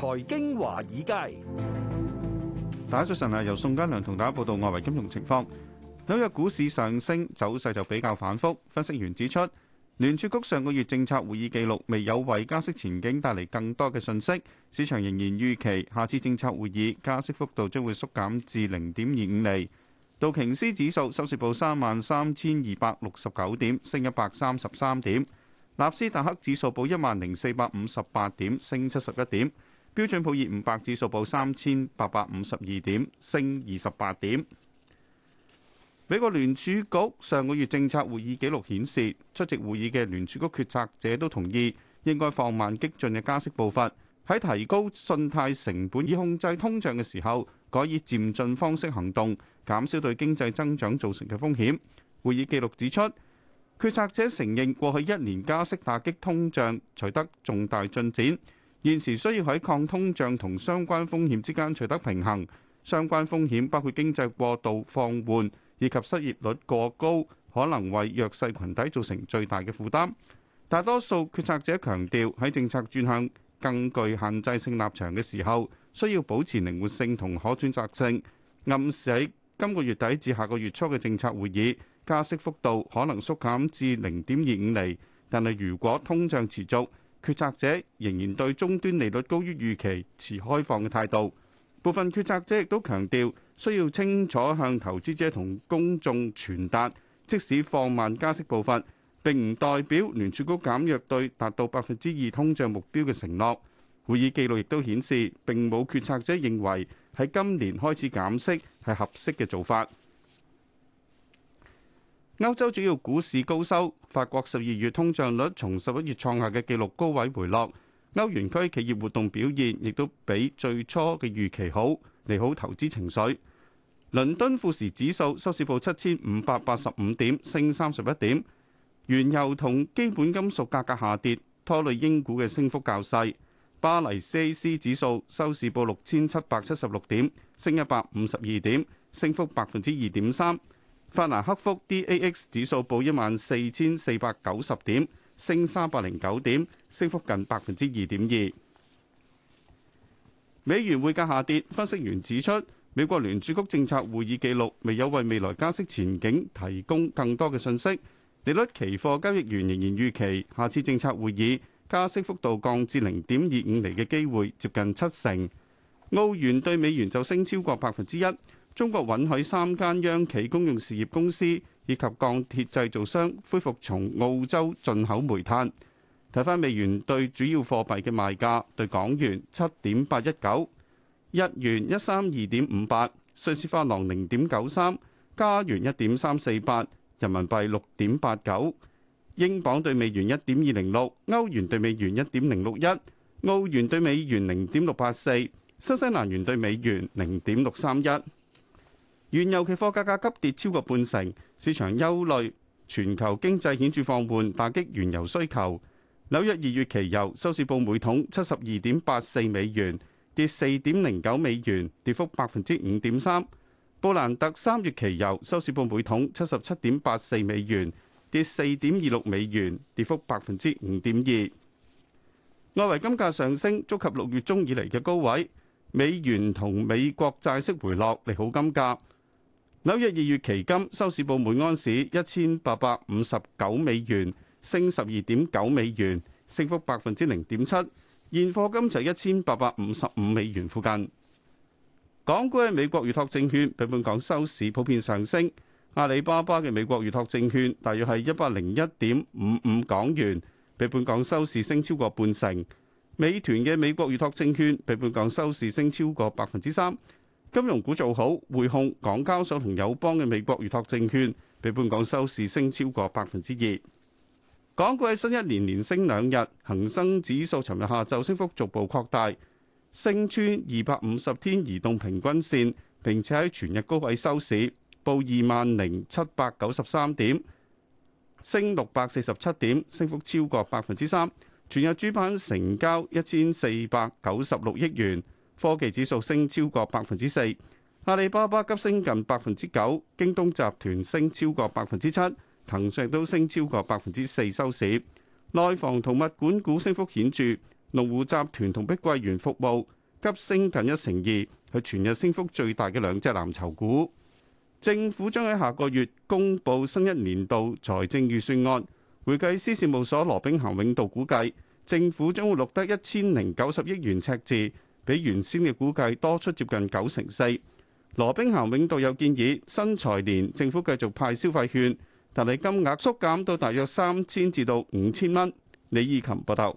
財經華爾街，大家早晨啊！由宋嘉良同大家報道外圍金融情況。紐約股市上升走勢就比較反覆。分析員指出，聯儲局上個月政策會議記錄未有為加息前景帶嚟更多嘅信息，市場仍然預期下次政策會議加息幅度將會縮減至零點二五厘。道瓊斯指數收市報三萬三千二百六十九點，升一百三十三點；納斯達克指數報一萬零四百五十八點，升七十一點。標準普爾五百指數報三千八百五十二點，升二十八點。美國聯儲局上個月政策會議記錄顯示，出席會議嘅聯儲局決策者都同意應該放慢激進嘅加息步伐，喺提高信貸成本以控制通脹嘅時候，改以漸進方式行動，減少對經濟增長造成嘅風險。會議記錄指出，決策者承認過去一年加息打擊通脹取得重大進展。現時需要喺抗通脹同相關風險之間取得平衡。相關風險包括經濟過度放緩以及失業率過高，可能為弱勢羣體造成最大嘅負擔。大多數決策者強調喺政策轉向更具限制性立場嘅時候，需要保持靈活性同可選擇性。暗示喺今個月底至下個月初嘅政策會議，加息幅度可能縮減至零點二五釐。但係如果通脹持續，決策者仍然對終端利率高於預期持開放嘅態度，部分決策者亦都強調需要清楚向投資者同公眾傳達，即使放慢加息步伐，並唔代表聯儲局減弱對達到百分之二通脹目標嘅承諾。會議記錄亦都顯示，並冇決策者認為喺今年開始減息係合適嘅做法。歐洲主要股市高收，法國十二月通脹率從十一月創下嘅紀錄高位回落，歐元區企業活動表現亦都比最初嘅預期好，利好投資情緒。倫敦富時指數收市報七千五百八十五點，升三十一點。原油同基本金屬價格下跌，拖累英股嘅升幅較細。巴黎 CAC 指數收市報六千七百七十六點，升一百五十二點，升幅百分之二點三。法蘭克福 DAX 指數報一萬四千四百九十點，升三百零九點，升幅近百分之二點二。美元匯價下跌，分析員指出，美國聯儲局政策會議記錄未有為未來加息前景提供更多嘅信息。利率期貨交易員仍然預期，下次政策會議加息幅度降至零點二五厘嘅機會接近七成。澳元對美元就升超過百分之一。中國允許三間央企公用事業公司以及鋼鐵製造商恢復從澳洲進口煤炭。睇返美元對主要貨幣嘅賣價，對港元七點八一九，日元一三二點五八，瑞士法郎零點九三，加元一點三四八，人民幣六點八九，英鎊對美元一點二零六，歐元對美元一點零六一，澳元對美元零點六八四，新西蘭元對美元零點六三一。原油期貨價，價格急跌超過半成，市場憂慮，全球經濟顯著放緩，打擊原油需求。紐約二月期油收市報每桶七十二點八四美元，跌四點零九美元，跌幅百分之五點三。布蘭特三月期油收市報每桶七十七點八四美元，跌四點二六美元，跌幅百分之五點二。外圍金價上升，觸及六月中以嚟嘅高位。美元同美國債息回落，利好金價。紐約二月期金收市報每安市一千八百五十九美元，升十二點九美元，升幅百分之零點七。現貨金就一千八百五十五美元附近。港股嘅美國預託證券，比本港收市普遍上升。阿里巴巴嘅美國預託證券大約係一百零一點五五港元，比本港收市升超過半成。美團嘅美國預託證券比本港收市升超過百分之三。金融股做好，匯控、港交所同友邦嘅美國預託證券，比本港收市升超過百分之二。港股喺新一年連升兩日，恒生指數尋日下晝升幅逐步擴大，升穿二百五十天移動平均線，並且喺全日高位收市，報二萬零七百九十三點，升六百四十七點，升幅超過百分之三。全日主板成交一千四百九十六億元。科技指數升超過百分之四，阿里巴巴急升近百分之九，京東集團升超過百分之七，騰訊都升超過百分之四收市。內房同物管股升幅顯著，龍湖集團同碧桂園服務急升近一成二，係全日升幅最大嘅兩隻藍籌股。政府將喺下個月公布新一年度財政預算案，會計師事務所羅兵咸永道估計，政府將會錄得一千零九十億元赤字。比原先嘅估計多出接近九成四。羅兵咸永道有建議新財年政府繼續派消費券，但係金額縮減到大約三千至到五千蚊。李意琴報道。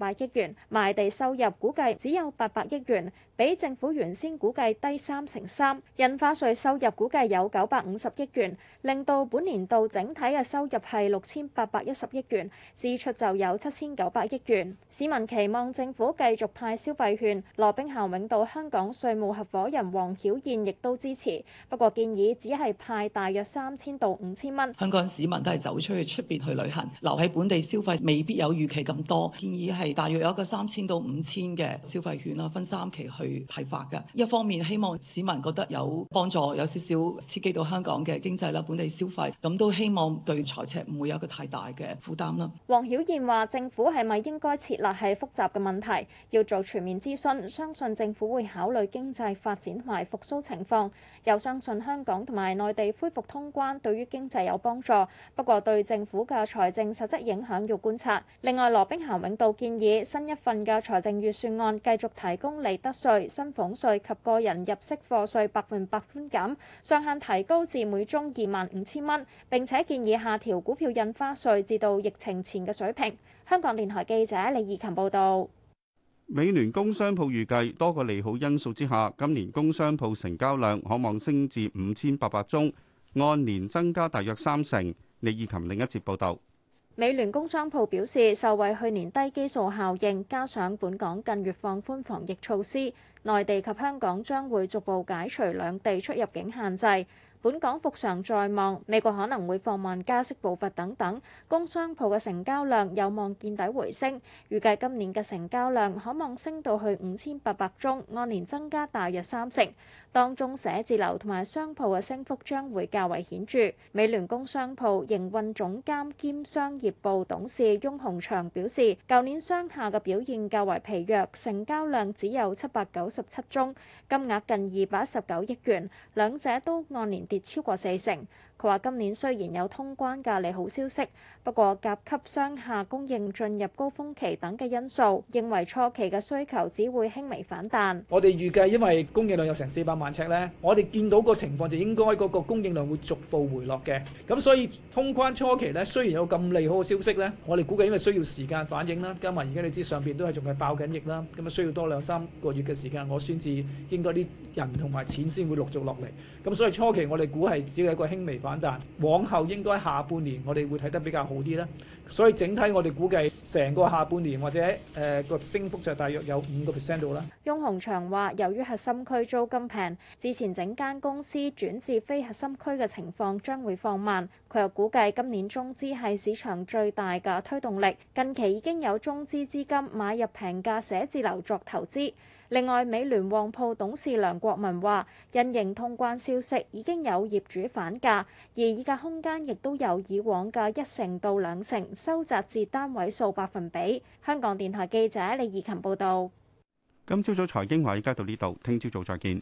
百億元賣地收入，估計只有八百億元。比政府原先估計低三成三，印花稅收入估計有九百五十億元，令到本年度整體嘅收入係六千八百一十億元，支出就有七千九百億元。市民期望政府繼續派消費券。羅兵咸永道香港稅務合伙人黃曉燕亦都支持，不過建議只係派大約三千到五千蚊。5, 元香港市民都係走出去出面去旅行，留喺本地消費未必有預期咁多，建議係大約有一個三千到五千嘅消費券啦，分三期去。批法嘅一方面希望市民覺得有幫助，有少少刺激到香港嘅經濟啦、本地消費，咁都希望對財赤唔會有一個太大嘅負擔啦。黃曉燕話：政府係咪應該設立係複雜嘅問題要做全面諮詢？相信政府會考慮經濟發展同埋復甦情況，又相信香港同埋內地恢復通關對於經濟有幫助，不過對政府嘅財政實質影響要觀察。另外，羅兵咸永道建議新一份嘅財政預算案繼續提供利得稅。薪俸稅及個人入息課稅百分百寬減，上限提高至每宗二萬五千蚊，並且建議下調股票印花稅至到疫情前嘅水平。香港電台記者李義琴報道。美聯工商鋪預計，多個利好因素之下，今年工商鋪成交量可望升至五千八百宗，按年增加大約三成。李義琴另一節報道。美聯工商鋪表示，受惠去年低基數效應，加上本港近月放寬防疫措施。內地及香港將會逐步解除兩地出入境限制。本港復常在望，美國可能會放慢加息步伐等等，工商鋪嘅成交量有望見底回升。預計今年嘅成交量可望升到去五千八百宗，按年增加大約三成。當中寫字樓同埋商鋪嘅升幅將會較為顯著。美聯工商鋪營運總監兼商業部董事翁洪祥表示，舊年商廈嘅表現較為疲弱，成交量只有七百九十七宗，金額近二百一十九億元。兩者都按年跌超過四成。佢話：今年雖然有通關嘅利好消息，不過甲級商廈供應進入高峯期等嘅因素，認為初期嘅需求只會輕微反彈。我哋預計，因為供應量有成四百萬尺咧，我哋見到個情況就應該嗰個供應量會逐步回落嘅。咁所以通關初期咧，雖然有咁利好嘅消息咧，我哋估計因為需要時間反應啦，加埋而家你知上邊都係仲係爆緊疫啦，咁啊需要多兩三個月嘅時間，我先至應該啲人同埋錢先會陸續落嚟。咁所以初期我哋估係只有一個輕微反。反彈，往後應該下半年我哋會睇得比較好啲啦。所以整體我哋估計成個下半年或者誒個、呃、升幅就大約有五個 percent 到啦。翁宏祥話：由於核心區租金平，之前整間公司轉至非核心區嘅情況將會放慢。佢又估計今年中資係市場最大嘅推動力，近期已經有中資資金買入平價寫字樓作投資。另外，美聯旺鋪董事梁國文話，因應通關消息已經有業主反價，而議價空間亦都有以往嘅一成到兩成收窄至單位數百分比。香港電台記者李怡勤報道。今朝早財經華爾街，依家到呢度，聽朝早再見。